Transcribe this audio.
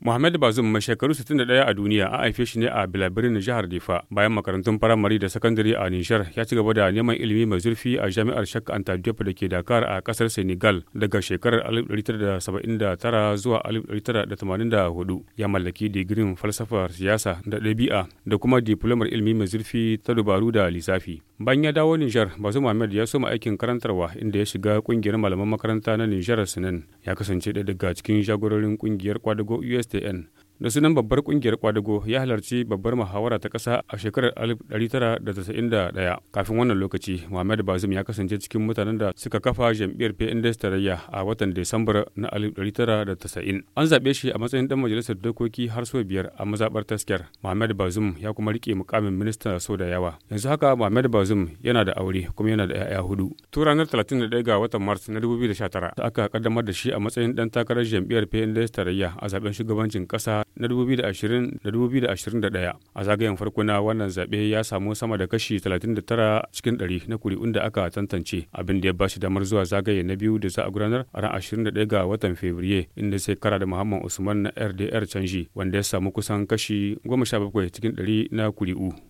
Muhammad Bazum mai shekaru 61 a duniya an haife shi ne a Bilabirin jihar Difa bayan makarantun firamare da sakandare a Nijar ya ci gaba da neman ilimi mai zurfi a Jami'ar Shak Antadiop da ke Dakar a kasar Senegal daga shekarar 1979 zuwa 1984 ya mallaki digirin falsafar siyasa da ɗabi'a da kuma diplomar ilimi mai zurfi ta dubaru da lissafi. ban ya dawo Nijar Bazum Muhammad ya soma aikin karantarwa inda ya shiga kungiyar malaman makaranta na Nijar Sinan ya kasance ɗaya daga cikin jagororin kungiyar kwadago US en da sunan babbar kungiyar kwadago ya halarci babbar muhawara ta kasa a shekarar 1991 kafin wannan lokaci muhammad bazum ya kasance cikin mutanen da suka kafa jam'iyyar pnds tarayya a watan disambar na 1990 an zaɓe shi a matsayin dan majalisar dokoki har sau biyar a mazaɓar taskiyar muhammad bazum ya kuma rike mukamin minista sau da yawa yanzu haka muhammad bazum yana da aure kuma yana da 'ya'ya hudu tun ranar 31 ga watan mars na 2019 aka kaddamar da shi a matsayin dan takarar jam'iyyar pnds tarayya a zaɓen shugabancin kasa na 2020 da 2021 a zagayen farko na wannan zaɓe ya samu sama da kashi 39 cikin 100 na kuri'un da aka tantance abin da ya bashi damar zuwa zagaye na biyu da za a gudanar a ran 21 ga watan Fabrairu inda sai kara da Muhammad Usman na RDR canji wanda ya samu kusan kashi 17 cikin 100 na kuri'u.